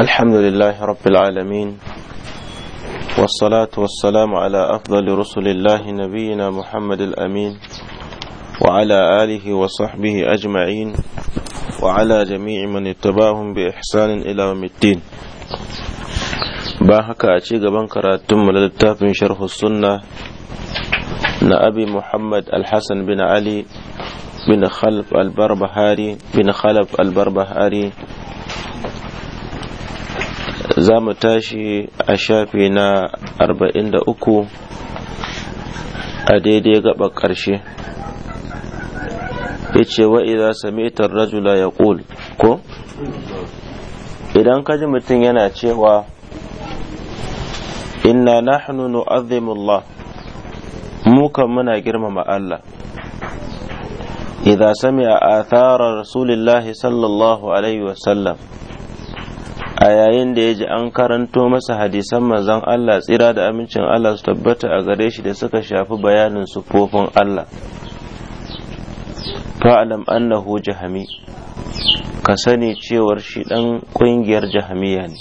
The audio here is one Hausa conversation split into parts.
الحمد لله رب العالمين والصلاة والسلام على أفضل رسل الله نبينا محمد الأمين وعلى آله وصحبه أجمعين وعلى جميع من اتباهم بإحسان إلى يوم الدين باهك أشيق بنكرة ثم للتاف من شرح السنة نأبي محمد الحسن بن علي بن خلف البربهاري بن خلف البربهاري za mu tashi a shafi na 43 a daidai gaba ƙarshe ya ce wa rajula ya ko idan ka ji mutum yana cewa inna nahnu nu'azzimullah mu kan muna girmama Allah إذا سمع آثار رسول الله صلى الله عليه وسلم a yayin da ya ji an karanto masa hadisan manzon Allah tsira da amincin Allah su tabbata a gare shi da suka shafi bayanin sufofin Allah fa'alam annahu jahami ka sani cewar shi dan kungiyar jahamiya ne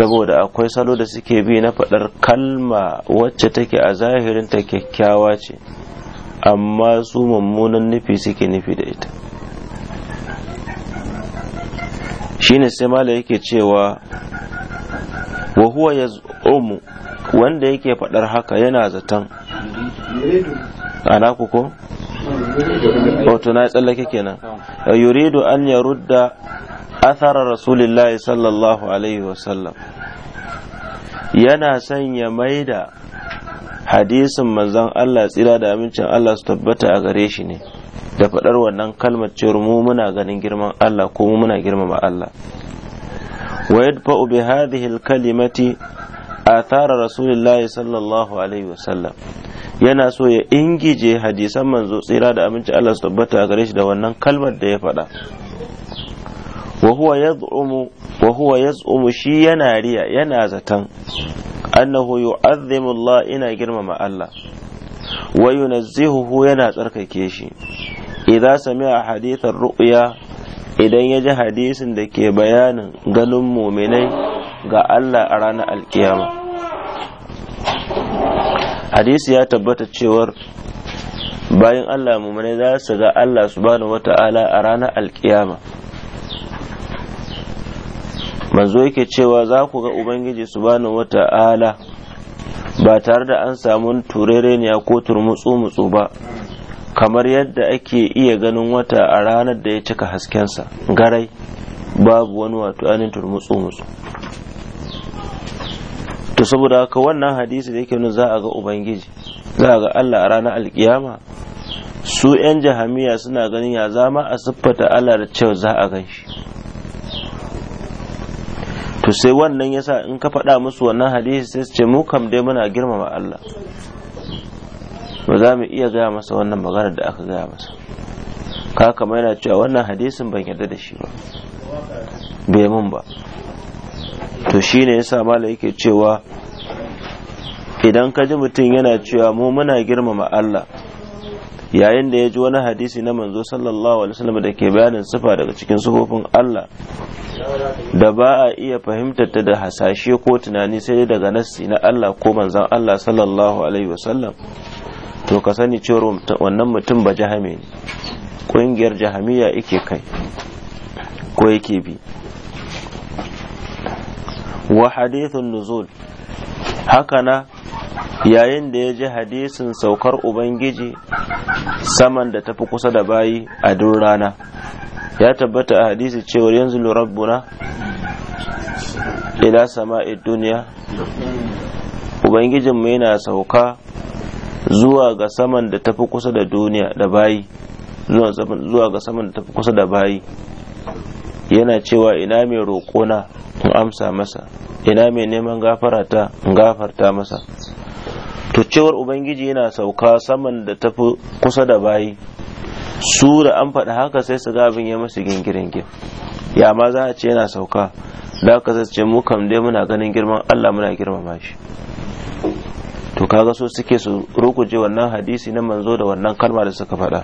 saboda akwai salo da suke bi na faɗar kalma wacce take a zahirin ta kyakkyawa ce amma su mummunan nufi suke nufi da ita shine sai mala yake cewa wa huwa yaz'umu wanda yake faɗar haka yana zaton ana ku ko wato na tsallake kenan yuridu an ya rudda athara rasulillahi sallallahu alaihi wasallam yana son ya maida hadisin manzon Allah tsira da amincin Allah su tabbata a gare shi ne da faɗar wannan kalmar cewar mu muna ganin girman Allah ko mu muna girmama Allah wa yadfa'u bi hadhihi al-kalimati athara rasulillahi sallallahu alaihi wasallam yana so ya ingije hadisan manzo tsira da amincin Allah su tabbata a gare shi da wannan kalmar da ya faɗa wa huwa yaz'umu wa huwa yaz'umu shi yana riya yana zatan annahu yu'azzimu Allah ina girmama Allah wa yunazzihuhu yana tsarkake shi idza sami'a hadithar ru'ya idan ya ji hadisin da ke bayanin ganin muminai ga Allah a ranar alkiyama hadisi ya tabbata cewar bayan Allah muminai za su ga Allah subhanahu wata'ala a ranar alkiyama manzo yake cewa za ku ga ubangiji subhanahu wata'ala ba tare da an samu turereniya ko turmutsu-mutsu ba kamar yadda ake iya ganin wata a ranar da ya cika haskensa garai babu wani wato anin turmutsu-mutsu to saboda haka wannan hadisi da yake nuna za a ga ubangiji za a ga Allah a ranar alkiyama su 'yan jahamiya suna ganin ya zama a siffata Allah da cewa za a gan shi to sai wannan yasa in ka faɗa musu wannan hadisi sai su ce mu kam dai muna girmama Allah ba za mu iya gaya masa wannan maganar da aka gaya masa ka kama yana cewa wannan hadisin ban yarda da shi ba bai mun ba to shine yasa malam yake cewa idan ka ji mutum yana cewa mu muna girmama Allah yayin da ya ji wani hadisi na manzo sallallahu alaihi wasallam da ke bayanin sifa daga cikin sufofin Allah da ba a iya fahimtar ta da hasashe ko tunani sai daga nassi na Allah ko manzon Allah sallallahu alaihi wasallam to ka sani cewa wannan mutum ba jahame ne kungiyar jahamiya yake kai ko yake bi wa hadithun nuzul haka na yayin da ya ji hadisin saukar ubangiji saman da tafi kusa da bayi a duk rana ya tabbata a hadisi cewar yanzu rabbuna ila sama'i duniya ubangijinmu yana sauka zuwa ga saman da tafi kusa da duniya da bayi zuwa ga saman da tafi kusa da bayi yana cewa ina mai roƙona in amsa masa ina mai neman gafarata in gafarta masa to cewar ubangiji yana sauka saman da tafi kusa da bayi su da an faɗi haka sai su gabin ya masu gingiringin ya ma za a ce yana sauka da aka zai ce mu kam dai muna ganin girman Allah muna girmama shi to kaga so suke su rukuje wannan hadisi na manzo da wannan kalma da suka faɗa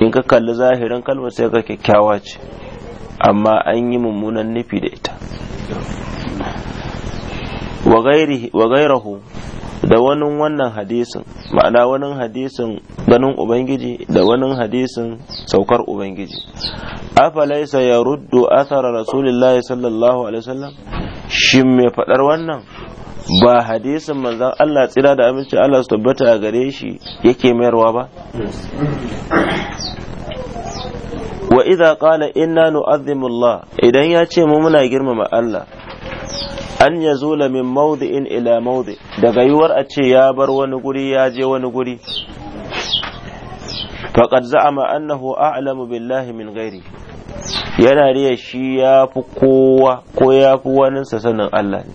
in ka kalli zahirin kalmar sai ka kyakkyawa ce amma an yi mummunan nufi da ita wa gairahu da wani wannan hadisin ma'ana wani hadisin ganin ubangiji da wani hadisin saukar ubangiji afalaisa ya ruddu athara rasulillahi sallallahu alaihi wasallam shi mai faɗar wannan ba hadisin manzon Allah tsira da aminci Allah su tabbata a gare shi yake mayarwa ba wa idza qala inna nu'azzimu Allah idan ya ce mu muna girmama Allah an ya la min in ila maudi daga yiwuwar a ce ya bar wani guri ya je wani guri faqad za'ama annahu a'lamu billahi min gairi. yana riya shi ya fi kowa ko ya fi wani sanin Allah ne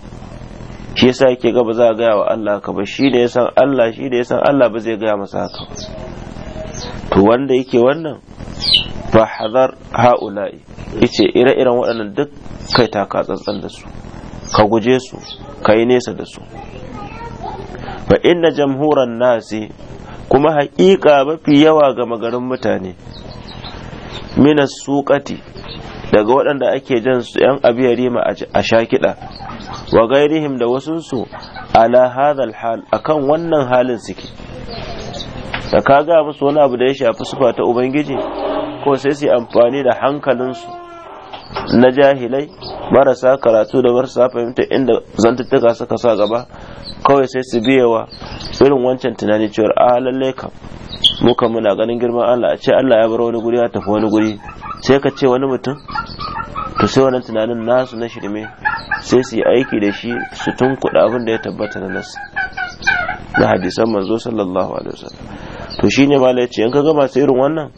shi yasa yake ga ba za a gaya wa Allah ka ba shi da ya san Allah shi da ya san Allah ba zai gaya masa haka to wanda yake wannan fa hazar ha'ula'i yace ire-iren waɗannan duk kai taka tsantsan da su ka guje su ka yi nesa da su ba inna jamhuran nasi kuma haƙiƙa mafi yawa ga magarin mutane mina suƙati daga waɗanda ake jan su ‘yan rima a shakiɗa wa gairihim da wasunsu ala hadal hal akan wannan halin suke da ka ga musu wani abu da ya shafi sufa ta ubangiji ko sai su yi amfani da hankalinsu na jahilai marasa karatu da marasa fahimta inda zantuttuka suka sa gaba kawai sai su wa irin wancan tunani cewar a lallai kam muka muna ganin girman Allah a ce Allah ya bar wani guri ya tafi wani guri sai ka ce wani mutum to sai wannan tunanin nasu na shirme sai su yi aiki da shi su kuɗa abin da ya tabbata na nasu na hadisan manzo sallallahu alaihi wasallam to shine malai ce in ka gama masu irin wannan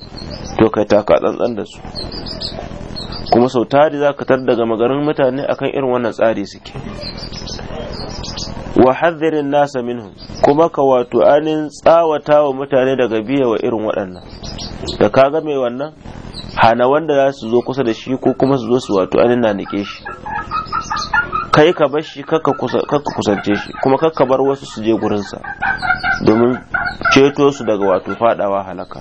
to kai taka tsantsan da su kuma sau tari za ka tar daga magarin mutane akan irin wannan tsari suke wa hadhirin nasa minhum kuma ka wato anin tsawata wa mutane daga biya wa irin waɗannan da ka ga wannan hana wanda za su zo kusa da shi ko kuma su zo su wato anin na nike shi kai ka bar shi kakka kusance shi kuma kakka bar wasu su je gurinsa domin ceto su daga wato fadawa halaka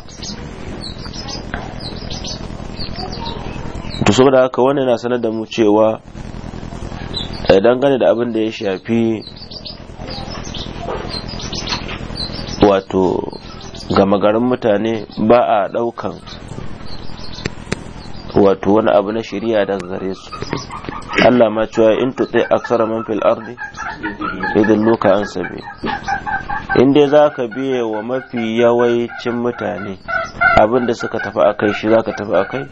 to saboda haka wannan na sanar da mu cewa eh, dangane da abin da ya shafi wato gama garin mutane ba a daukan wato wani abu na shari'a daga gare su Allah ma cewa in a tsara man fil ardi idan loka an sabi in dai ka biya wa mafi yawancin mutane abin da suka tafi a kai shi za ka tafi a kai.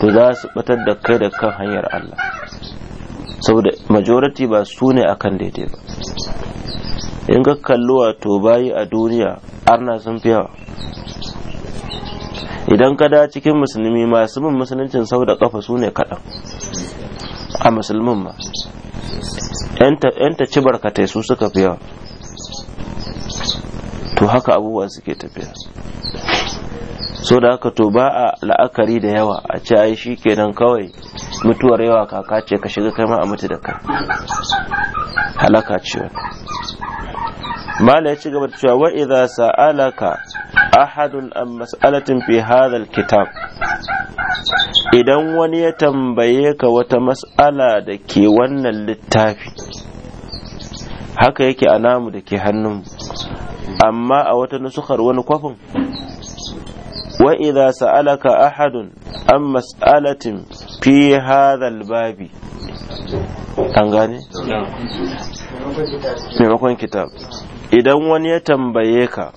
to za su batar da kai da kan hanyar Allah saboda majority ba su ne akan daidai ba in ga kalli wato bayi a duniya arna sun fi yawa idan ka da cikin musulmi masu bin musuluncin sau da kafa su ne kaɗan a musulmin ma yan ta ci barkatai su suka fi yawa to haka abubuwa suke tafiya so da haka to ba a la'akari da yawa a ce ai shi kenan kawai mutuwar yawa kaka ce ka shiga kai ma a mutu da ka halaka ce mala ya ci gaba da cewa wa idza sa'alaka ahadun an mas'alatin fi hadha kitab idan wani ya tambaye ka wata mas'ala da ke wannan littafi haka yake a namu da ke hannun amma a wata nusukar wani kwafin وإذا سألك أحد عن مسألة في هذا الباب an gane? maimakon kitab idan wani ya tambaye ka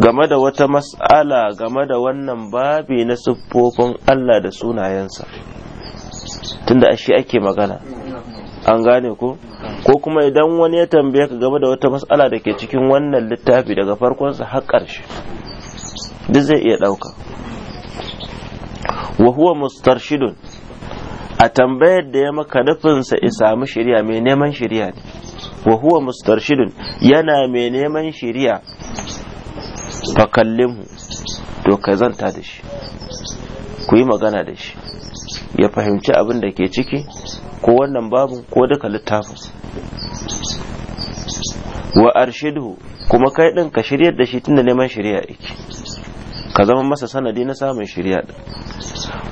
game da wata mas'ala game da wannan babi na siffofin Allah da sunayensa tunda a shi ake magana an gane ko ko kuma idan wani ya tambaye ka game da wata mas'ala da ke cikin wannan littafi daga farkonsa har ƙarshe duk zai iya ɗauka wa huwa mustarshidun a tambayar da ya maka nufinsa ya samu shirya mai neman shirya ne wa huwa mustarshidun yana mai neman shirya fakallinmu to ka zanta da shi ku yi magana da shi ya fahimci abin da ke ciki ko wannan babu ko duka littafin wa arshidu kuma kai ɗin ka shiryar da shi tunda neman shirya yake ka zama masa sanadi na samun shirya din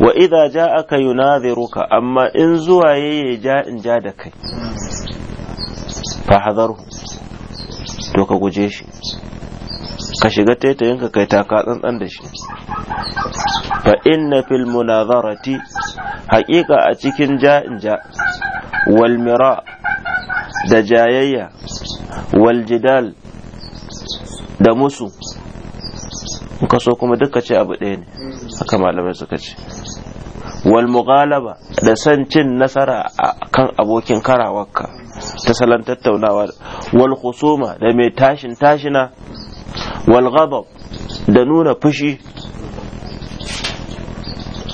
wa idza ja'aka yunadhiruka amma in zuwa yayi ja in ja da kai fa hadaru to ka guje shi ka shiga taitayinka kai taka tsantsan da shi fa inna fil munazarati haƙiƙa a cikin ja in ja wal da jayayya Waljidal da musu suka so kuma duka ce abu ɗaya ne haka malamai suka ce wal mughalaba da san cin nasara kan abokin karawarka ta salon tattaunawa wal khusuma da mai tashin tashina wal ghadab da nuna fushi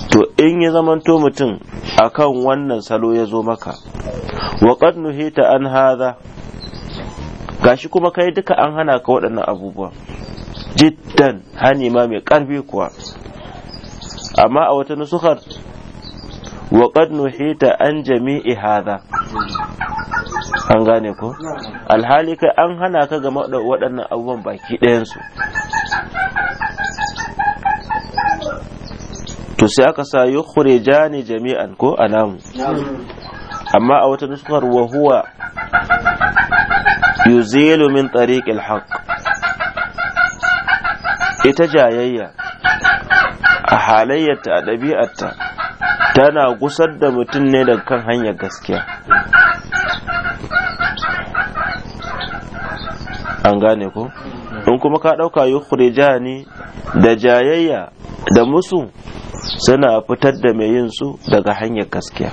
to in ya zamanto mutum akan wannan salo ya zo maka wa qad nuhita an hadha gashi kuma kai duka an hana ka waɗannan abubuwa jiddan hani ma mai karfi kuwa amma a wata nusukar wa nuhita an jami'i hada an gane ko alhali kai an hana ka ga waɗannan abubuwan baki ɗayansu to sai aka sa yukhrijani jami'an ko alamu amma a wata nusukar wa huwa yuzilu min tariqil haqq ita jayayya a halayyarta a ɗabi'arta tana gusar da mutum ne daga kan hanyar gaskiya an gane ko in kuma ka ɗauka yukhrija ne da jayayya da musu suna fitar da mai yin su daga hanyar gaskiya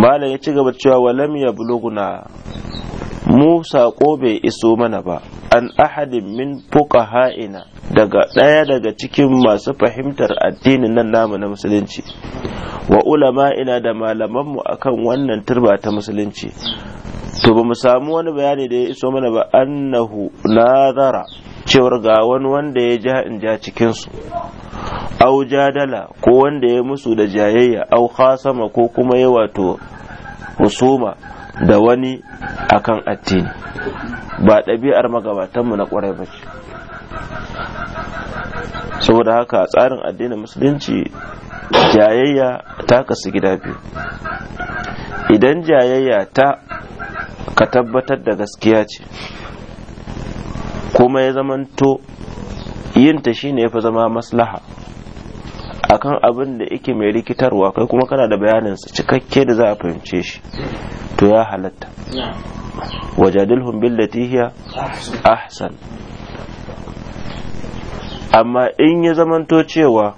malam ya ci gaba cewa walam ya buluguna mu saƙo bai iso mana ba an ahadin min fuka ina daga ɗaya daga cikin masu fahimtar addinin nan namu na musulunci wa ulama ina da malamanmu akan wannan turba ta musulunci to ba mu samu wani bayani da ya iso mana ba annahu nazara cewar ga wani wanda ya ja in ja cikinsu au jadala ko wanda ya musu da jayayya au khasama ko kuma ya wato husuma da wani akan addini ba ɗabi'ar magabatanmu na ƙwarai ba ce saboda haka tsarin addinin musulunci jayayya ta kasu gida biyu idan jayayya ta ka tabbatar da gaskiya ce kuma ya zamanto yinta shine ya fi zama maslaha akan abin da yake mai rikitarwa kai kuma kana da bayanin sa cikakke da za a fahimce shi to ya halatta wajadilhum billati hiya ahsan amma in ya zamanto cewa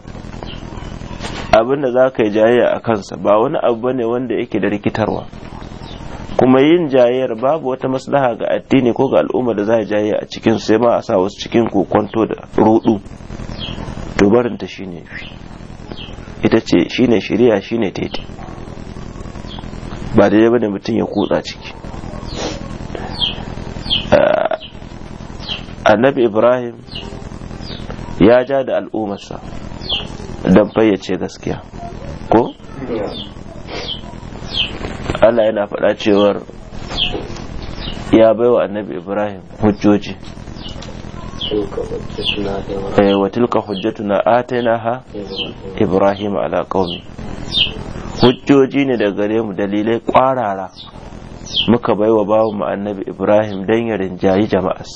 abin da za ka yi jayayya a kansa ba wani abu bane wanda yake da rikitarwa kuma yin jayayyar babu wata maslaha ga addini ko ga al'umma da za a jayayya a cikin sai ma a sa wasu cikin kokonto da rudu to barinta shine ita ce shine shiriya shine teti ba daidai bane mutum ya kutsa ciki ah, annabi ibrahim ya ja da al'ummarsa don fayyace gaskiya ko allah yana faɗa cewar ya baiwa annabi ibrahim hujjoji Eh, wa tilka hujjatuna atainaha ibrahim ala qaumi hujjoji ne da gare mu dalilai kwarara muka baiwa bawan mu annabi ibrahim dan ya rinjayi jama'as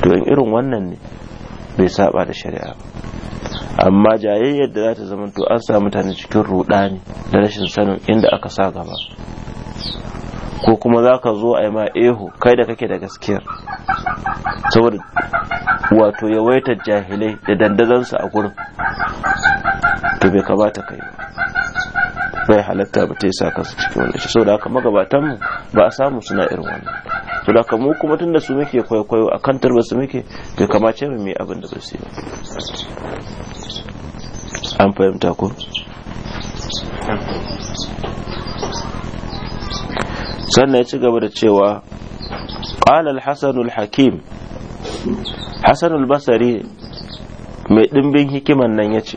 to in irin wannan ne bai saba da shari'a amma jayayyar da za ta zama to an sa mutane cikin rudani da rashin sanin inda aka sa gaba ko kuma za ka zo a yi ma ehu kai da kake da gaskiyar saboda wato yawaitar jahilai da dandazansu a gurin to bai kamata kai ba bai halatta ba ta yi sa su cikin wani shi saboda haka magabatanmu ba a samu suna irin wannan Saboda da mu kuma tunda su muke kwaikwayo a kan tarba su muke bai kamace mu mai abin da bai sai an fahimta ko sannan ya ci gaba da cewa ƙalal hasanul hakim hasanul basari mai ɗimbin hikiman nan ya ce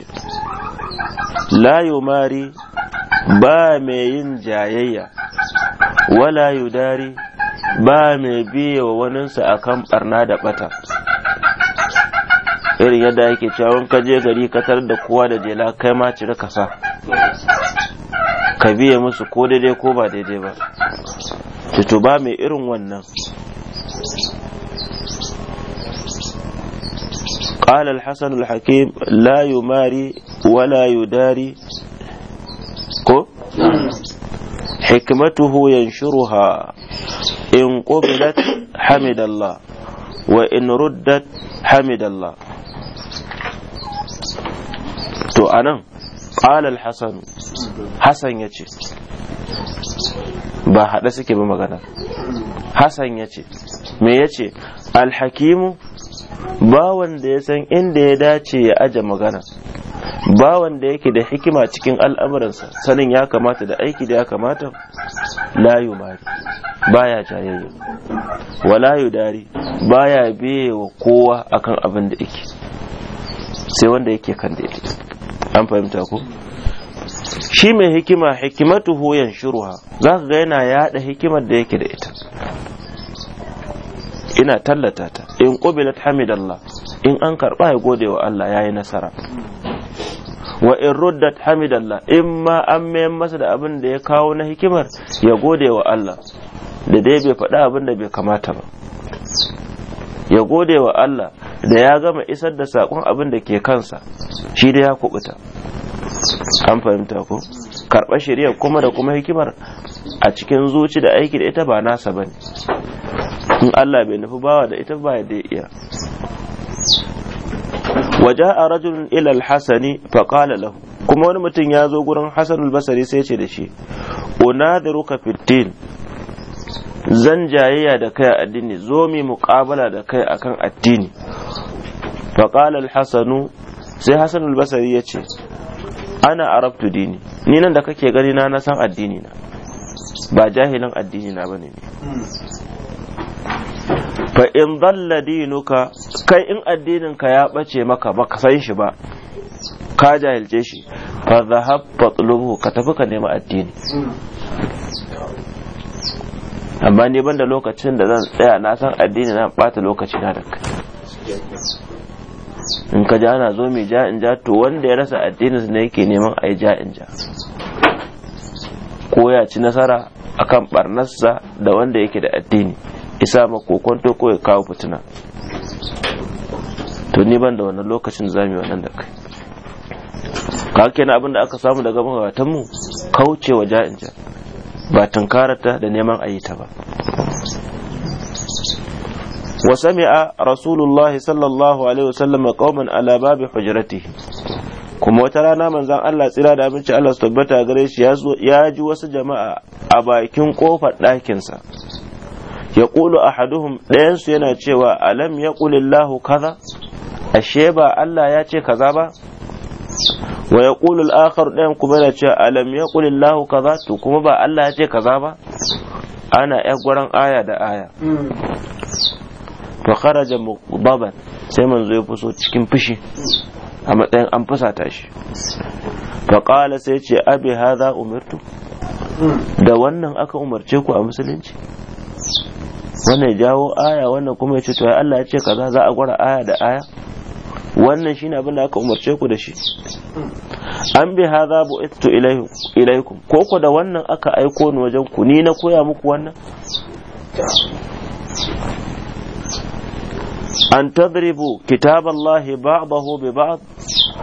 layo mari ba mai yin jayayya wala dari ba mai biya wa waninsa kan barna da bata irin yadda yake cewa ka je gari tar da kowa da jela kai ma cire kasa ka biya musu ko daidai ko ba daidai ba to ba mai irin wannan قال الحسن الحكيم لا يماري ولا يداري كو حكمته ينشرها إن قبلت حمد الله وإن ردت حمد الله تو أنا قال الحسن حسن يجي ba haɗe suke ba magana Hassan ya ce me ya ce alhakimu bawan da ya san inda ya dace ya aje magana bawan da yake da hikima cikin al'amuransa sanin ya kamata da aiki da ya kamata layu mari baya jayayya wa layu dari baya biye wa kowa akan abin da yake sai wanda yake kan da an fahimta ko shi mai hikima hikimatu huyan shuruwa. za ka ga yana yaɗa hikimar da yake da ita ina tallata ta in qubilat hamidallah in an karɓa ya gode wa Allah ya yi nasara wa in ruddat hamidallah in ma an mayan masa da abin da ya kawo na hikimar ya gode wa Allah da dai bai faɗa abin da bai kamata ba ya gode wa Allah da ya gama isar da saƙon abin da ke kansa shi da ya kubuta an fahimta ko karɓar shari'a kuma da kuma hikimar a cikin zuci da aiki da ita ba nasa ba ne in Allah bai nufi bawa da ita ba da iya Waje a ila ilal hasani faƙala kuma wani mutum ya zo gurin hasan basari sai ce da shi unadiruka fitin zan jayayya da kai a addini zo mi muƙabala da kai akan addini fa hasanu sai hasan basari ya ce ana arabtu dini ni nan da kake gani na na san addini na ba jahilin addini na bane ne fa in dalla dinuka kai in addinin ka ya bace maka ba ka san shi ba ka jahilce shi fa zahab fatlubu ka tafi ka nemi addini amma ni ban lokacin da zan tsaya na san addini na bata lokaci na da kai in ka ja ana zo mai ja in ja to wanda ya rasa addinin ne yake neman a yi ja in ja ko ya ci nasara akan barnarsa da wanda yake da addini isa ma kokonto ko ya kawo fitina to ni ban da wannan lokacin za mu yi wannan da kai ka kenan abin da aka samu daga magabatanmu kauce wa ja in ja ba tunkarata da neman ayyuta ba wa sami'a rasulullahi sallallahu alaihi wasallam qauman ala babi hujratihi kuma wata rana manzan Allah tsira da abinci Allah su tabbata gare shi ya ji wasu jama'a a bakin kofar ɗakinsa ya ƙulu a haduhum ɗayansu yana cewa alam ya ƙulillahu kaza ashe ba Allah ya ce kaza ba wa ya ƙulu al'akar ɗayan kuma yana cewa alam ya ƙulillahu kaza to kuma ba Allah ya ce kaza ba ana ƴar gwaran aya da aya fa kharaja baban sai manzo ya fuso cikin fushi a matsayin an fusata shi fa qala sai ce abi hadha umirtu da wannan aka umarce ku a musulunci wannan jawo aya wannan kuma ya ce to Allah ya ce kaza za a gwara aya da aya wannan shine abin da aka umarce ku da shi an bi hadha bu'ittu ilaikum ko ku da wannan aka aiko ni wajen ku ni na koya muku wannan an tadribu kitaballahi ba'dahu bi ba'd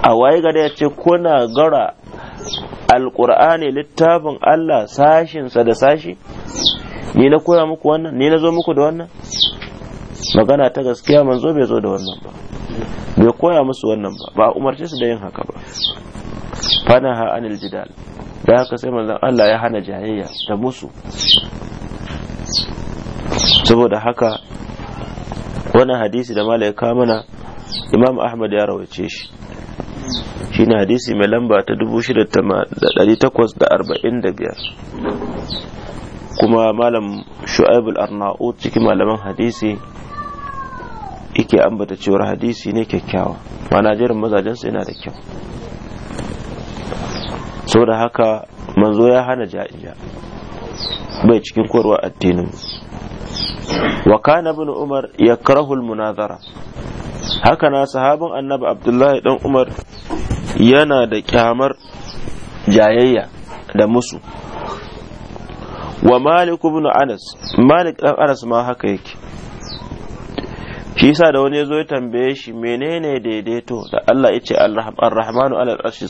a ga gada yace kuna gara alqur'ani littafin Allah sashinsa da sashi ni na koya muku wannan ni na zo muku da wannan magana ta gaskiya manzo bai zo da wannan ba bai koya musu wannan ba ba umarci su da yin haka ba ha anil jidal da haka sai manzon Allah ya hana jayayya da musu saboda haka wannan hadisi da malaya ya mana imam ahmad ya rawace shi shi shine hadisi mai lamba ta 6845 kuma malam shu'aibul arnaut cikin malaman hadisi yake ambata cewar hadisi ne kyakkyawa mana jerin mazajensa yana da kyau saboda haka manzo ya hana ja'ija bai cikin korwa addinin wa kana ibn umar yakrahu al-munazara haka na sahabin annabi abdullahi dan umar yana da kyamar jayayya da musu wa malik ibn anas malik dan anas ma haka yake shi sa da wani yazo ya tambaye shi menene daidaito da Allah yace ar-rahmanu ala al-arshi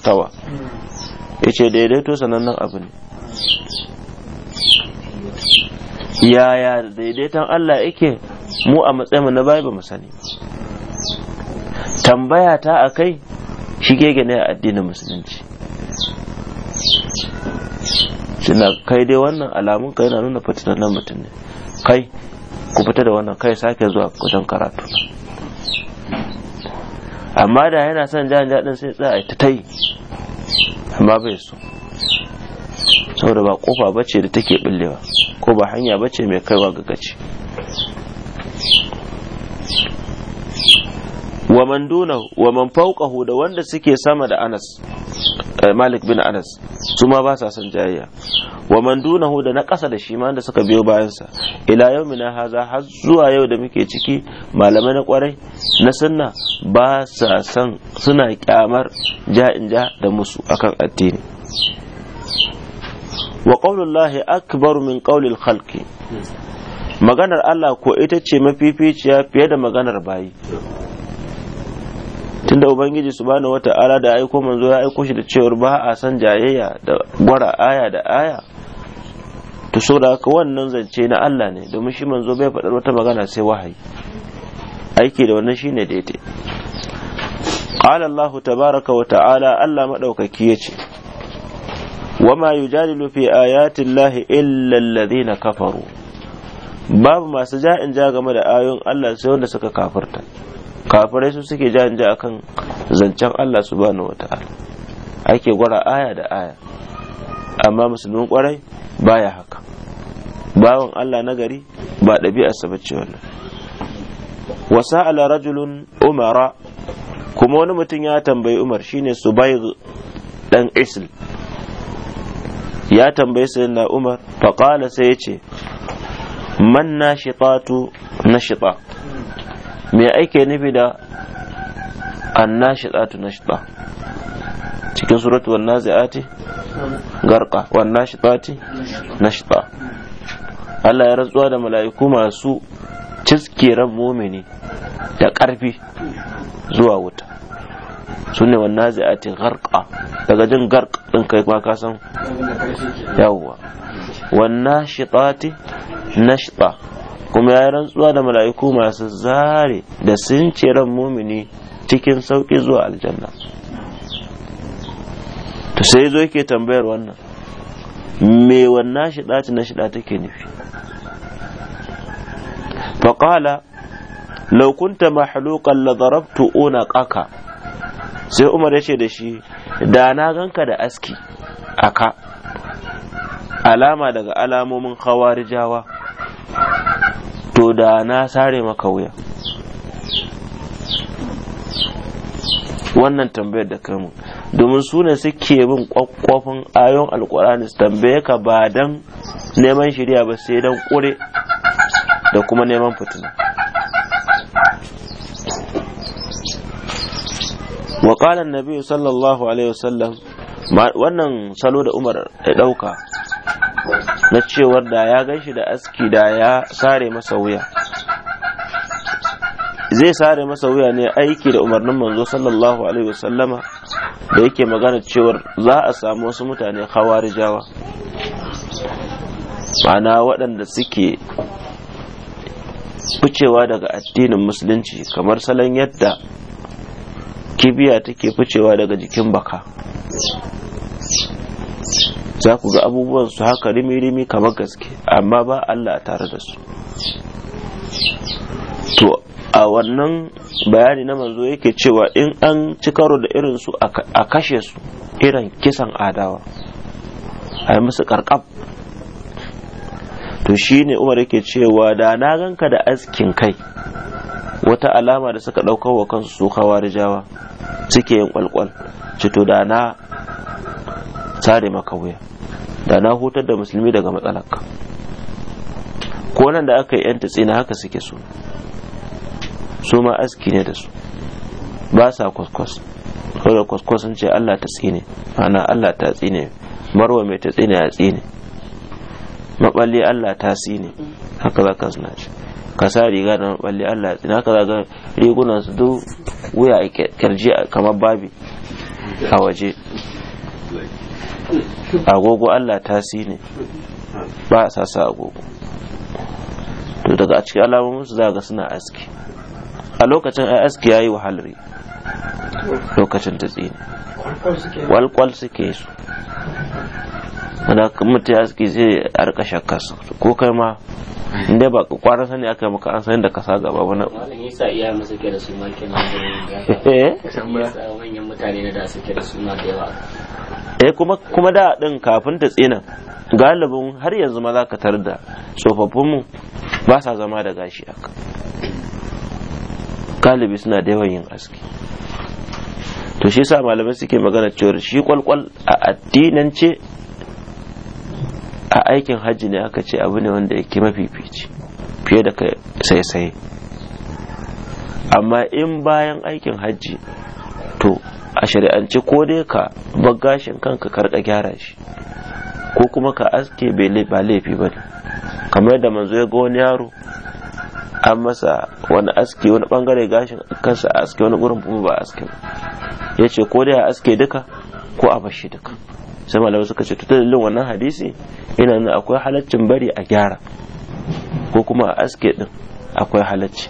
yace daidaito sanannen abu ne yaya daidaiton Allah yake mu a matsayinmu na bai ba mu sani tambaya ta a kai shi ke ne a addinin musulunci suna kai dai wannan alamun kai yana nuna fitinan nan mutum ne kai ku fita da wannan kai sake zuwa wajen karatu amma da yana son jan jaɗin sai tsaya ta tai amma bai so saboda ba kofa bace da take ba. ko ba hanya ba ce mai kaiwa ga gaci wa man duna wa man fauqahu da wanda suke sama da Anas eh, Malik bin Anas su ma ba sa son jayya wa man dunahu da na kasa da shi ma wanda suka biyo bayansa ila yaumina haza har zuwa yau da muke ciki malamai na kwarai na sunna ba sa son suna kyamar ja'in ja da musu akan addini wa qaulullahi akbar min qaulil khalqi maganar Allah ko ita ce mafificiya fiye da maganar bayi tunda ubangiji subhanahu wata'ala da aiko manzo ya aiko shi da cewar ba a san jayayya da gwara aya da aya to so da haka wannan zance na Allah ne domin shi manzo bai faɗar wata magana sai wahayi aiki da wannan shine daidai qala Allah tabaraka wa ta'ala Allah madaukaki yace wama yujadilu fi ayatin lahi illallazi na kafaru babu masu ja'in ja game da ayoyin Allah sai wanda suka kafirta kafirai su suke ja'in ja kan zancen Allah subhanahu wata'ala ake gwara aya da aya amma musulmin kwarai baya haka bawan Allah na gari ba ɗabi'arsa bace wannan wasa ala rajulun umara kuma wani mutum ya tambayi umar shine subayg ɗan isl ya tambaye sayyidina Umar fa qala sai yace man nashitatu nashita me ake nufi da an na nashita cikin suratu wan naziati garqa wan nashitati nashita Allah ya rantsuwa da mala'iku masu ciskiran mumini da ƙarfi zuwa wuta su ne wannan zai'ati garka daga jin gark ɗin kai ma ka san yawwa wannan shiƙati na shiƙa kuma ya yi rantsuwa da mala'iku masu zare da sun ran mumini cikin sauƙi zuwa aljanna to sai zo yake tambayar wannan me wannan shiɗa na shiɗa take nufi Baƙala laukunta kunta mahluqan la ƙaka. sai umar ya ce da shi da na ganka da aski aka alama daga alamomin khawarijawa to da na sare maka wuya wannan tambayar da kai domin su ne suke bin kwakwafin ayon alkurani su tambaye ka ba dan neman shirya ba sai dan kure da kuma neman fitina wa qala annabi sallallahu alaihi wasallam wannan salo da Umar ya dauka na cewar da ya ganshi da aski da ya sare masa wuya zai sare masa wuya ne aiki da umarnin manzo sallallahu alaihi wasallama da yake magana cewar za a samu wasu mutane khawarijawa ma'ana waɗanda suke ficewa daga addinin musulunci kamar salon yadda kibiya take ficewa daga jikin baka za ku ga abubuwan su haka rimi-rimi kamar gaske amma ba Allah tare da su to a wannan bayani na manzo yake cewa in an ci karo da irin su a kashe su irin kisan adawa a yi musu karkab to shi ne umar yake cewa da na ganka da askin kai wata alama da suka ɗaukar wa kansu su hawa da jawa suke yin kwalkwal cito da na sare maka wuya da na hutar da musulmi daga matsalarka ko nan da aka yi 'yan tsina haka suke so su ma aski ne da su ba sa kwaskwas saboda kwaskwas sun ce Allah ta tsine ana Allah ta tsine marwa mai ta tsine ya tsine maballi Allah ta tsine haka za ka suna shi ka sa riga da balle Allah ina ka zaga rigunan su duk wuya a kirji kamar babi a waje agogo Allah tasi ne ba a sa agogo to daga a cikin alamomin su zaga suna aski a lokacin ai aski yayi wahalar lokacin ta tsini walkwal suke su da mutum aski zai arka shakka su ko kai ma in dai ba kwarar sani aka maka an san da ka gaba ba na malam iya masu su ma eh da suke da da yawa eh kuma kuma da kafin ta tsina galibin har yanzu ma za ka tar da tsofaffin mu ba sa zama da gashi haka galibi suna da yawan yin aski to shi sa malamai suke magana cewa shi kwalkwal a addinance a aikin hajji ne aka ce abu ne wanda yake mafifici fiye da ka sai amma in bayan aikin hajji to a shari'ance ko dai ka bar gashin kanka karka gyara shi ko kuma ka aske ba laifi ba kamar da manzo ya ga wani yaro an masa wani aske wani bangare gashin kansa a aske wani gurin kuma ba aske ba ya ce ko dai a aske duka ko a bashi duka sai malamai suka ce ta dalilin wannan hadisi ina nuna akwai halaccin bari a gyara ko kuma a aske din akwai halacci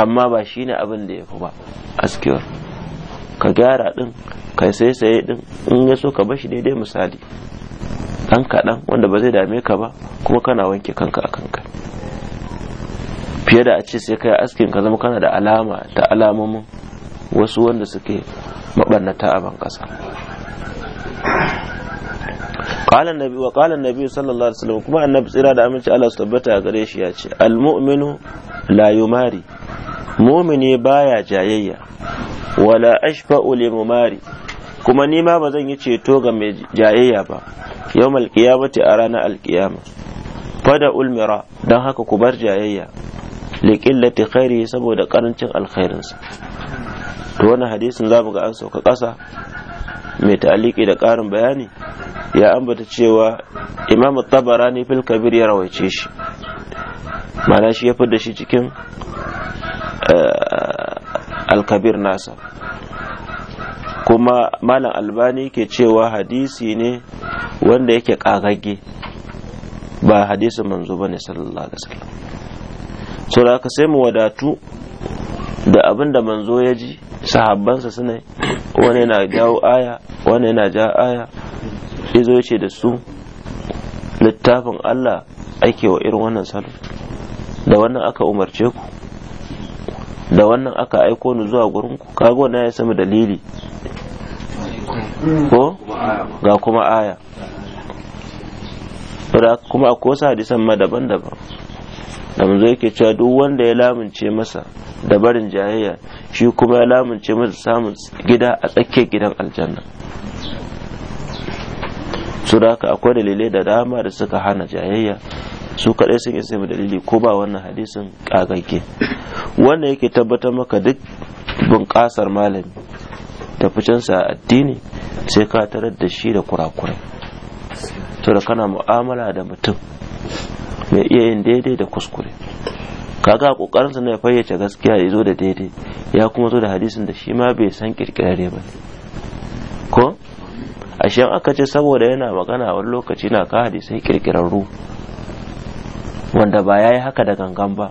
amma ba shi ne abin da ya fi ba askewar ka gyara din ka sai saye din in ya so ka bashi daidai misali dan kaɗan wanda ba zai dame ka ba kuma kana wanke kanka a kanka fiye da a ce sai kai askin ka zama kana da alama ta alamomin wasu wanda suke maɓannata a ban ƙasa qala annabi sallallahu alaihi wasallam kuma annabi tsira da aminci Allah su tabbata a gare shi ya ce almuminu layumari la yumari mu'mini baya jayayya wala ashfa li mumari kuma nima ma ba zan yi ceto ga mai jayayya ba yawmal qiyamati a ranar alqiyama fada ulmira don haka ku bar jayayya li qillati khairi saboda karancin alkhairinsa to wannan hadisin zamu ga an sauka ƙasa mai ta'aliki da ƙarin bayani ya ambata cewa imam ne fil kabir ya rawaice shi mana shi ya da shi cikin eh, alkabir nasa kuma malam albani ke cewa hadisi ne wanda yake ƙagage ba hadisin manzo bane sallallahu alaihi wasallam sai mu wadatu da abin da manzo ya ji sahabbansa suna wani yana jawo aya wani yana ja aya zo ce da su littafin Allah ake wa irin wannan salo da wannan aka umarce ku da wannan aka aiko ni zuwa gurin ku kaga ya sami dalili ko ga kuma aya kuma akwai wasu hadisan ma daban-daban da manzo yake cewa duk wanda ya lamunce masa da barin jayayya shi kuma ya lamunce masa samun gida a tsakiyar gidan aljanna su da haka akwai dalilai da dama da suka hana jayayya su kaɗai sun isa mu dalili ko ba wannan hadisin ƙagage wannan yake tabbatar maka duk bunƙasar malami da ficensa a addini sai ka tarar da shi da kurakurai to da kana mu'amala da mutum mai iya yin daidai da kuskure kaga kokarinsa na ya fayyace gaskiya ya zo da daidai ya kuma zo da hadisin da shi ma bai san kirkirare ba ko a shi aka ce saboda yana magana wani lokaci na ka hadisai kirkirarru wanda ba ya yi haka da gangan ba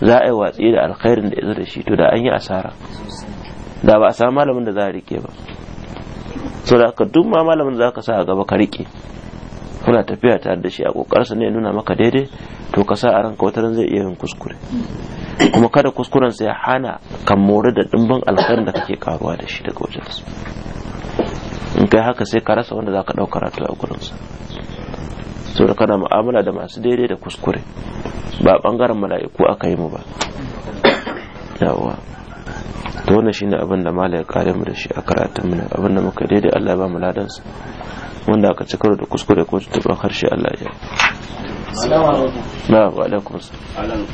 za a yi watsi da alkhairin da ya zo da shi to da an yi asara da ba a samu malamin da za a rike ba so da aka ma malamin za ka sa a gaba ka rike kuna tafiya tare da shi a kokarsa ne nuna maka daidai to ka sa a ranka wata zai iya yin kuskure kuma kada kuskuren sa ya hana kan more da dimbin alkhairin da kake karuwa da shi daga wajen su in kai haka sai ka rasa wanda zaka dauka karatu a gurin sa da kana mu'amala da masu daidai da kuskure ba bangaren mala'iku aka yi mu ba yawa to wannan shine abin da malaka ya kare mu da shi a karatun mu abin da muka daidai Allah ya ba mu ladansa wanda aka ci karo da kuskure ko tutuban harshe Allah ya na wa alaikum salam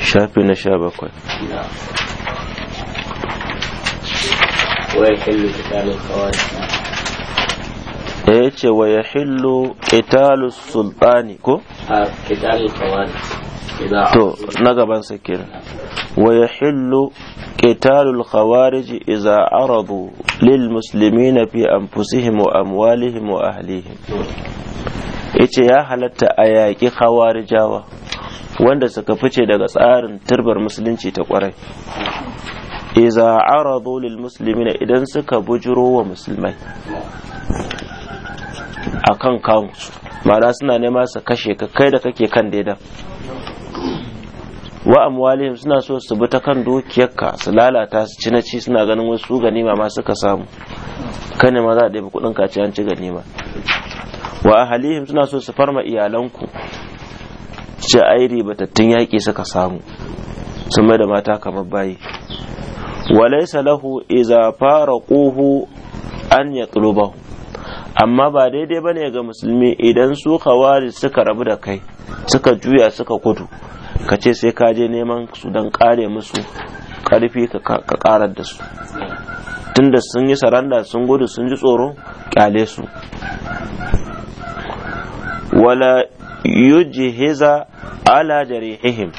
na shafi na sha bakwai da ya ce waya ya hillo ƙitalus sultani ko? a ƙitalus kawai. to na gaban sa kenan wa yahillu qitalul khawarij idza aradu lil muslimin fi anfusihim wa amwalihim wa ahlihim yace ya halatta a yaƙi khawarijawa wanda suka fice daga tsarin turbar musulunci ta kwarai idza aradu lil muslimin idan suka bujiro wa musulmai akan kansu ma'ana suna nema su kashe ka kai da kake kan daidan wa amwalihim suna so su bi ta kan dukiyarka su lalata su ci na ci suna ganin wasu su ganima ma suka samu kan ne ma za a ɗebi kuɗin ci an ci ganima wa ahalihim suna so su farma iyalanku ce ai tattun yaƙi suka samu sun mai da mata kamar bayi wa laysa lahu idza faraquhu an yatlubahu amma ba daidai bane ga musulmi idan su khawarij suka rabu da kai suka juya suka kudu ka ce sai ka je neman su don kare musu karfi ka karar da su tunda sun yi saranda sun gudu sun ji tsoro kyale su wala yujhiza ala jarihihim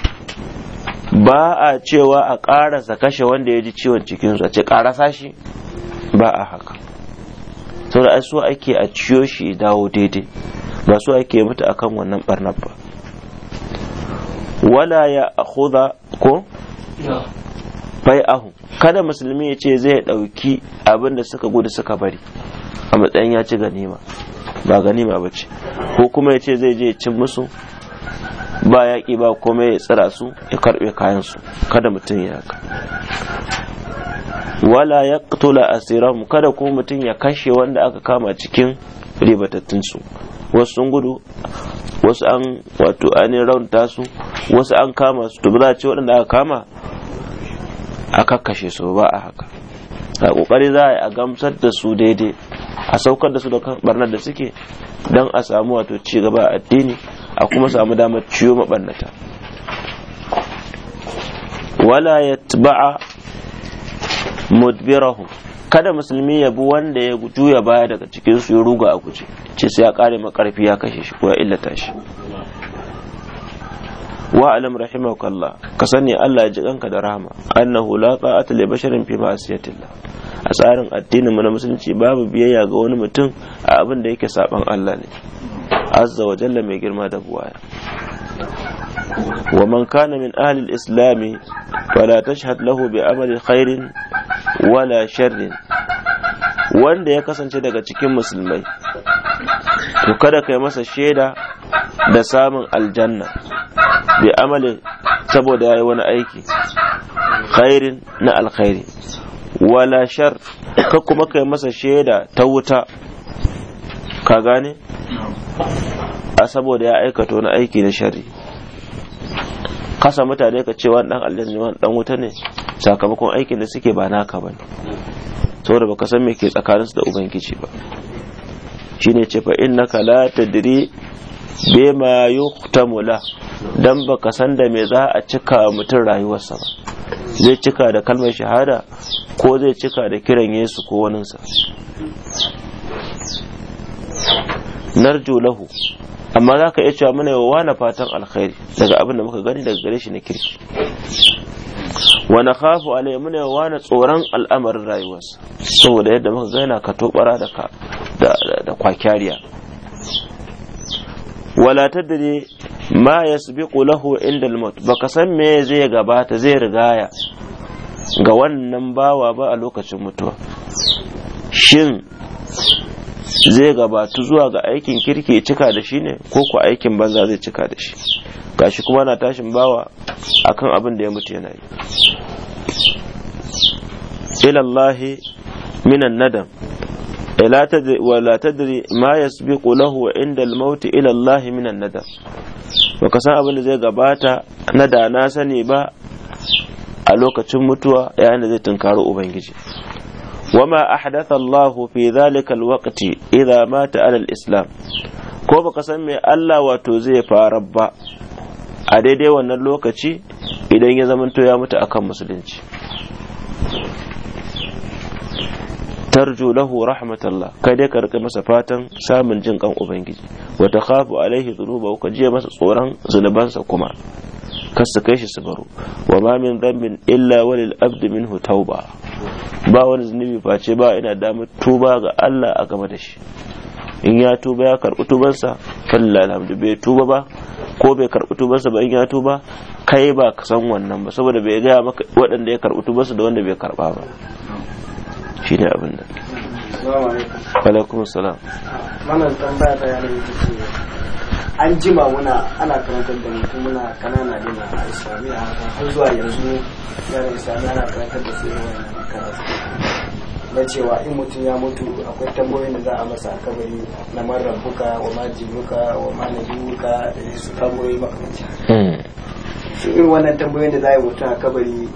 ba a cewa a ƙarasa kashe wanda ya ji ciwon cikin su a ce ƙarasa shi ba a haka saboda so ake a ciyo shi dawo daidai ba su ake mutu akan wannan barnar ba wala ya akhudha ko ahu kada musulmi ya ce zai ɗauki abin da suka gudu suka bari a matsayin ya ci ganima ba ganima ba ce ko kuma ya ce zai je cin musu ba yaƙi ba kuma ya tsira su ya karɓe kayan su kada mutum ya ka wala ya asiramu kada kuma mutum ya kashe wanda aka kama cikin ribatattun su wasu sun gudu wasu an wato ainihin raunta su wasu an kama su to za a ce waɗanda aka kama a kakkashe su ba a haka a ƙoƙari za a yi a gamsar da su daidai a saukar da su da barnar da suke don a samu wato ci gaba a addini a kuma samu damar ciwo maɓarnata wala ya mudbirahu kada musulmi ya bi wanda ya juya baya daga cikin su ya ruga a guje ce sai ya kare makarfi ya kashe shi ko ya illata shi wa alam rahimakallah ka sani Allah ya ji kanka da rahama annahu la ta'ata li basharin fi ma'siyatillah a tsarin addinin mu na musulunci babu biyayya ga wani mutum a abin da yake saban Allah ne azza wa jalla mai girma da buwaya ومن كان من أهل الإسلام فلا تشهد له بعمل خير ولا شر wanda ya kasance daga cikin musulmai to kada kai masa shaida da samun aljanna bi amalin saboda ya yi wani aiki khairin na alkhairi wala shar ka kuma kai masa shaida ta wuta ka gane a saboda ya aikata wani aiki na shari kasa mutane ka cewa dan aljanna wani dan wuta ne sakamakon aikin da suke ba naka ba ne saboda baka san me ke su da ubangiji ba shine ce fa innaka la tadri bima yuqtamu la dan baka san da me za a cika mutum rayuwarsa ba zai cika da kalmar shahada ko zai cika da kiran Yesu ko waninsa narju lahu amma za ka iya cewa muna yawa wani fatan alkhairi daga abin da muka gani daga gare shi na kirki wani khafu alai muna yawa wani tsoron al'amarin rayuwarsa saboda yadda muka gana ka tobara da da kwakyariya wala tadri ma yasbiqu lahu inda al baka san me zai gabata zai rigaya ga wannan bawa ba a lokacin mutuwa shin zai gabatu zuwa ga aikin kirki cika da shi ne ko ku aikin banza zai cika da shi gashi kuma na tashin bawa akan abin da ya mutu yana yi ilallahi minan nadam wala eh, tadri ma yasbiqu lahu inda al-maut ila Allah minan nadam baka san abin da zai gabata na da na sani ba a lokacin mutuwa yayin da zai tunkari ubangiji wama ahdatha Allah fi zalika alwaqti idza mata alal islam ko baka san me Allah wato zai fara ba a daidai wannan lokaci idan ya zamanto ya mutu akan musulunci tarju lahu rahmatallah kai dai ka rika masa fatan samun jin kan ubangiji wa takhafu alaihi dhunuba ka jiya masa tsoron zunubansa kuma kar kai shi su baro wa ma min illa walil abdi minhu tauba ba wani zunubi face ba ina damar tuba ga Allah a gama da shi in ya tuba ya karɓi tubansa fallilah alhamdu bai tuba ba ko bai karɓi tubansa ba in ya tuba kai ba ka san wannan ba saboda bai gaya maka waɗanda ya karɓi tubansa da wanda bai karɓa ba shi ne abin da alaikum salam wannan tambaya ta yanar yi an jima muna ana karantar da mutum muna kanana ne na islamiyya haka har zuwa yanzu yaran islamiyya ana karantar da su yawan karatu na cewa in mutum ya mutu akwai tambayoyin da za a masa kabari na marar buka wa ma buka wa ma buka da su tambayoyi makamci hmm. su irin wannan tambayoyin da za a yi mutum a kabari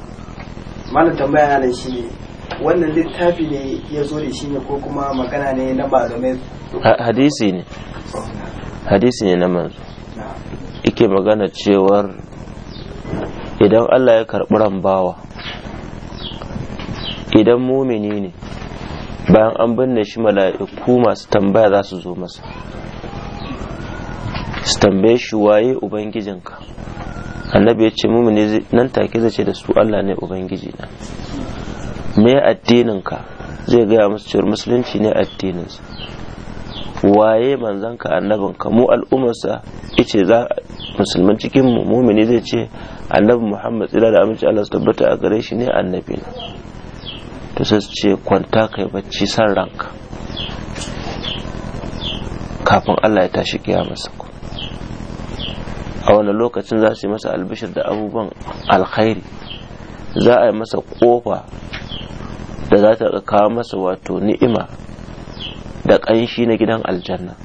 malam tambaya na shi wannan littafi ne ya zo da shi ne ko kuma magana ne na malamai hadisi ne hadisi ne na manzo ike magana cewar idan Allah ya karɓi rambawa idan mumini ne bayan an binne shi mala'iku masu tambaya za su zo masa su tambaye shi waye ubangijinka annabi ya ce mumini nan take zace da su Allah ne ubangiji na me addinin ka zai gaya musu cewa musulunci ne addininsa waye manzanka ka mu al'ummarsa ice za musulman cikin mu mumini zai ce annabi muhammad tsira da aminci allah su tabbata a gare shi ne annabi na to sai ce kwanta kai bacci san ranka kafin allah ya tashi kiya masa a wani lokacin za su yi masa albishir da abubuwan alkhairi za a yi masa kofa da za ta kawo masa wato ni'ima da ƙanshi na gidan aljanna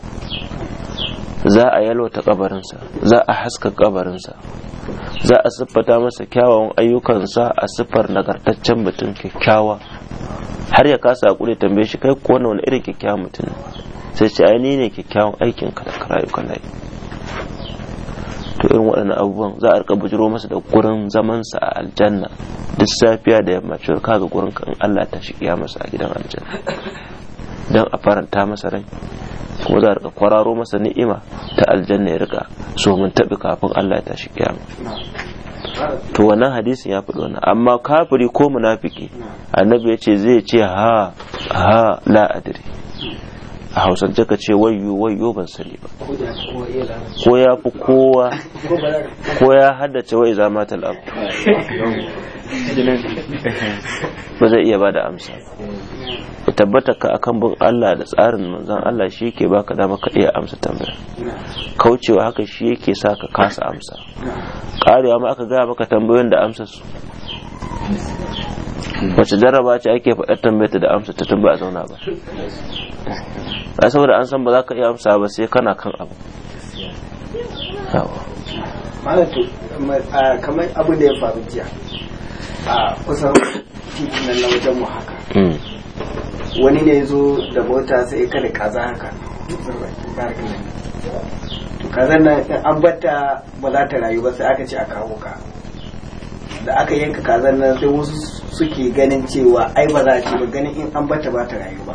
za a yalwata kabarinsa za a haska kabarinsa za a siffata masa kyawawan ayyukansa a siffar nagartaccen mutum kyakkyawa har ya kasa hakuri tambaye shi kai ko wani irin kyakkyawan mutum sai ce aini ne kyakkyawan aikin ka da na to irin waɗannan abubuwan za a rika bujiro masa da gurin zamansa a aljanna duk safiya da yamma cewa kaga gurin kan Allah ta shi masa a gidan aljanna dan a faranta masa rai kuma za rika kwararo masa ni'ima ta aljanna ya rika so mun tabi kafin Allah ta shi kiyama to wannan hadisin ya faɗi wannan amma kafiri ko munafiki annabi ya ce zai ce ha ha la adri a hausance ka ce wayo wayo ban sani ba ko ya fi kowa ko ya haddace wai zama abu. ba zai iya ba da amsa ba tabbata ka akan bin Allah da tsarin manzan Allah shi yake baka dama ka iya amsa tambaya kaucewa haka shi yake sa ka kasa amsa karewa ma aka gaya maka tambayoyin da amsa su wace jarraba ce ake faɗar tambayar da amsa ta tun ba a zauna ba a saboda an san ba za ka iya amsa ba sai kana kan abu kamar abu da ya faru jiya a kusan titin na wajen mu haka hmm. wani ne zo da mota sai da kaza haka to kaza na an batta ba za ta rayu ba sai aka ce a kawo ka da aka yanka kazan nan sai wasu suke ganin cewa ai ba za a ce ba ganin in an batta ba ta rayu ba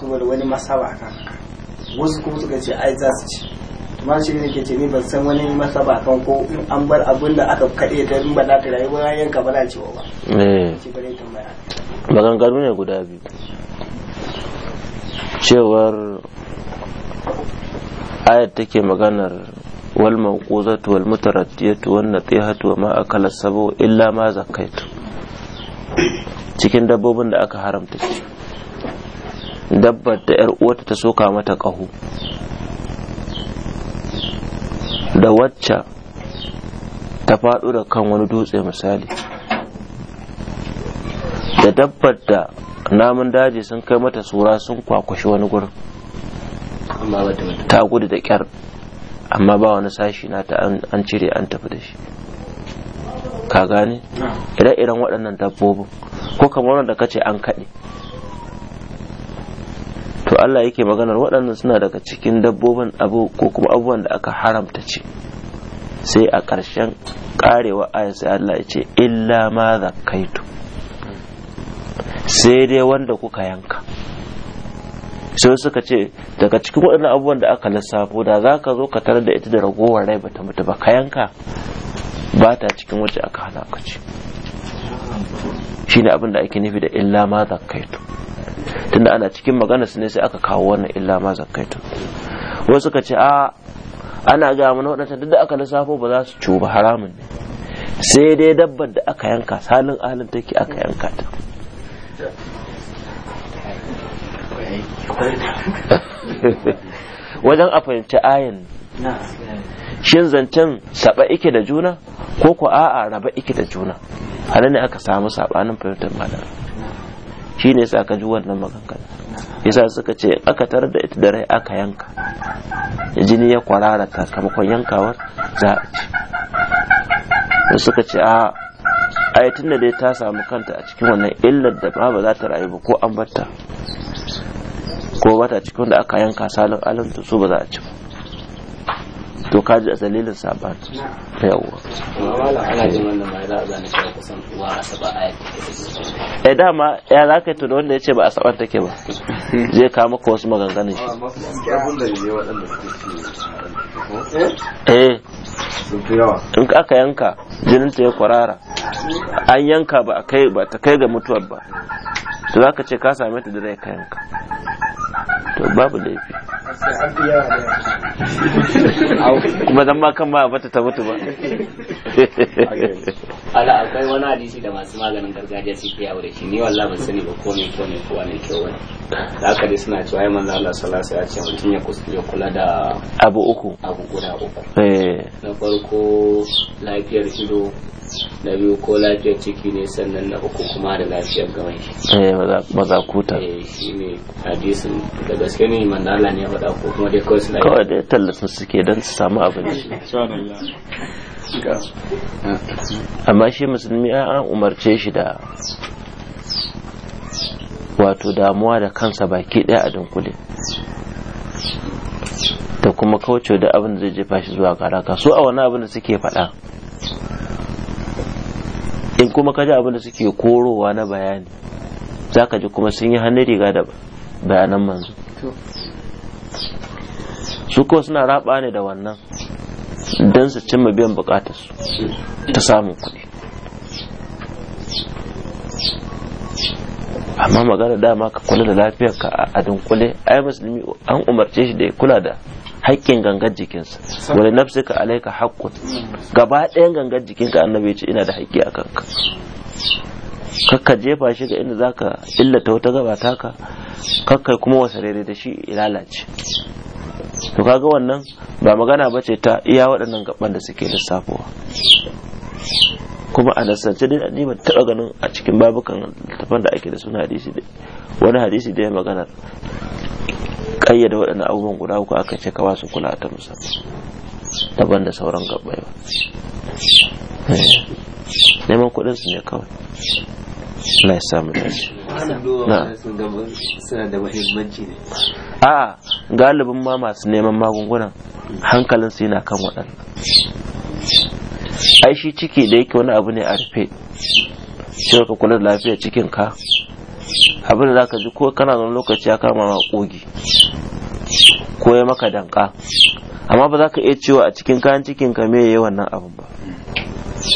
saboda wani masaba akan haka wasu kuma suka ce ai za su ci ma shi ne ke ce ni ban san wani masa ba kan ko in an bar abin da aka kaɗe da ba za ta rayu ba yanka ba na cewa ba eh. ba maganganu ne guda biyu cewar ayat take maganar wal mawquzatu wal mutaraddiyatu wan natihatu wa ma akala sabu illa ma zakaitu cikin dabbobin da aka haramta shi dabbar da yar uwarta ta soka mata kaho da wacce ta faɗo da kan wani dutse misali da dabbar da namun daji sun kai mata tsura sun kwakwashi wani gurin ta gudu da kyar amma ba wani sashi na ta an cire an tafi da shi ka gane ire-iren waɗannan dabbobin ko kamar wanda ka ce an kaɗe Allah yake maganar waɗannan suna daga cikin dabbobin abu ko kuma abubuwan da aka haramta ce sai a ƙarshen ƙarewa aya sai Allah ya ce illa ma zakaitu sai dai wanda kuka yanka sai suka ce daga cikin waɗannan abubuwan da aka lissafo da za ka zo ka tarar da ita da ragowar rai bata mutu ba ka yanka ba ta cikin wacce aka hana ka ce shine abin da ake nufi da illa ma zakaitu tunda ana cikin magana su ne sai aka kawo wannan illa ma zakaitu wasu suka ce a ana ga mana waɗanda duk da aka lissafo ba za su ci ba haramun ne sai dai dabbar da aka yanka salin alin take aka yanka ta wajen a fahimci ayin shin zancen saba ike da juna ko ku a'a raba ike da juna a ne aka samu sabanin fahimtar malamai shi ne sa ka ji wannan maganganu yasa suka ce aka tar da ita da rai aka yanka jini ya kwarara sakamakon yankawar za a ci suka ce a ayatun da dai ta samu kanta a cikin wannan illar da ba ba za ta rayu ba ko an batta ko bata cikin da aka yanka salin alim su ba za a ci ba to ka ji a dalilin sabat yawa eh dama ya za ka yi tuno wanda ya ce ba a saban take ba zai kama ko wasu maganganun shi eh, eh. in ka aka yanka jinin ta ya kwarara an yanka ba kai ba ta kai ga mutuwar ba to za ka ce ka same ta da rai ka yanka to babu laifi kuma zan ba kan a bata ta mutu ba ala akwai wani hadisi da masu maganin gargajiya suke yawo da shi ni wallahi ban sani ba ko me ko ne ko wani ke wani da aka dai suna cewa ai manzo Allah sallallahu alaihi wasallam ya ce mutum ya kuskure kula da abu uku abu guda uku eh. na farko lafiyar ido na biyu ko lafiyar ciki ne sannan na uku kuma da lafiyar gaban shi eh mazakuta eh ne hadisin da gaske ne manzo Allah ne ya faɗa ko kuma dai kawai suna kawai da tallafi suke dan su samu abinci amma shi musulmi an umarce shi da wato damuwa da kansa baki ɗaya a dunkule da kuma kauce da abin da zai jefa shi zuwa karaka su a wani abin da suke faɗa in kuma ka ji abin da suke korowa na bayani za ka ji kuma sun yi hannun riga da bayanan manzo su ko suna raba ne da wannan don su cimma biyan bukatarsu ta samun kuɗi amma magana dama ka kula da lafiyar ka a dunkule ai musulmi an umarce shi da ya kula da haƙƙin gangar jikinsa wani nafsi ka alaika haƙƙun gaba ɗayan gangar jikinka annabi ce ina da haƙƙi a kanka kakka jefa shi ga inda zaka illata wata gaba taka kakka kuma daidai da shi lalace to kaga wannan ba magana ba ce ta iya waɗannan gaban da suke lissafowa kuma a nasance dai ni ban taɓa ganin a cikin babukan littafan da ake da suna hadisi wani hadisi da ya magana kayyada waɗannan abubuwan guda uku aka ce ka ba su kula ta musamman daban da sauran gabbai ba eh. neman kuɗin su ne kawai na ya samu da shi. na da mahimmanci ne a galibin ma masu neman magungunan hankalin su yana kan waɗannan ai shi ciki da yake wani abu ne a rufe sai ka kula da lafiyar cikinka abin da zaka ji ko kana wani lokaci ya kama ma kogi ko ya maka danka amma ba za ka iya cewa a cikin kayan cikin ka me yayi wannan abin ba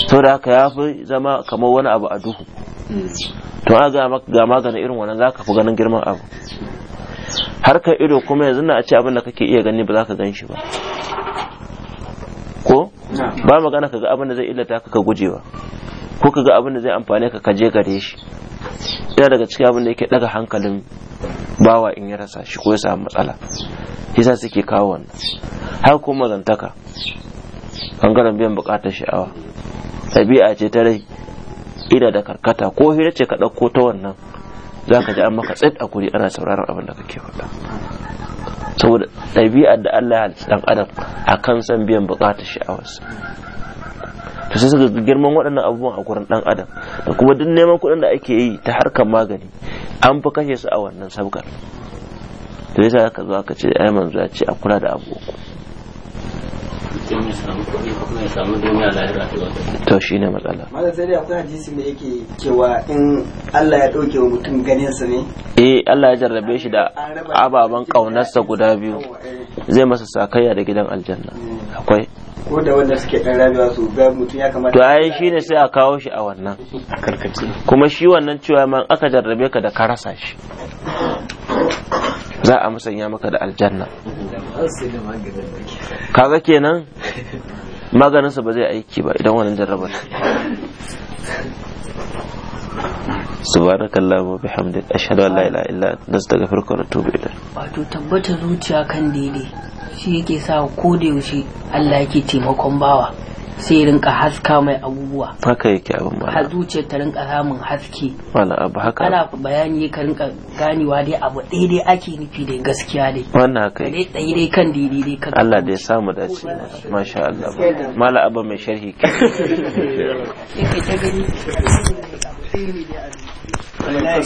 to da haka ya fi zama kamar wani abu a duhu to a ga ga maganin irin wannan za ka fi ganin girman abu har ka ido kuma yanzu na a ce abin da kake iya gani ba za ka gan shi ba ko ba magana ka ga abin da zai illata ka ka gujewa ko ka ga abin da zai amfane ka ka je gare shi yana daga cikin abin da yake daga hankalin bawa in ya rasa shi ko ya samu matsala yasa suke kawo wannan har kuma zantaka bangaren biyan bukatar sha'awa ɗabi'a ce ta rai ina da karkata ko hira ce ka ɗauko ta wannan za ka ji an maka tsit a kuri ana sauraron abin da kake faɗa saboda ɗabi'ar da Allah ya dan adam a kan san biyan bukatar sha'awarsa to sai suka girman waɗannan abubuwan a gurin ɗan adam da kuma duk neman kuɗin da ake yi ta harkar magani an fi kashe su a wannan sabgar to yasa aka zo aka ce ai manzo ya ce a kula da abu to shi ne matsala da sai dai akwai hadisin da yake cewa in Allah ya ɗauke wa mutum ganinsa ne eh Allah ya jarrabe shi da ababen ƙaunarsa guda biyu eh. zai masa sakayya da gidan aljanna hmm. akwai ko da wanda suke dan rabewa su ga mutum ya kamata to ai shine sai a kawo shi a wannan a karkace kuma shi wannan cewa man aka jarrabe ka da ka rasa shi za a musanya maka da aljanna kaga kenan maganinsa ba zai aiki ba idan wannan jarrabar subhanakallah wa bihamdik ashhadu an la ilaha illa anta astaghfiruka wa atubu ilayk wato tabbatar zuciya kan daidai shi yake sa ko da yaushe Allah yake taimakon bawa sai rinka haska mai abubuwa haka yake abin ba har zuciyar ta rinka samun haske wala abu haka ana bayani ka rinka ganewa dai abu daidai ake nufi da gaskiya dai wannan haka dai dai kan daidai dai kan Allah da ya samu dace masha Allah mala abu mai sharhi ke Renee.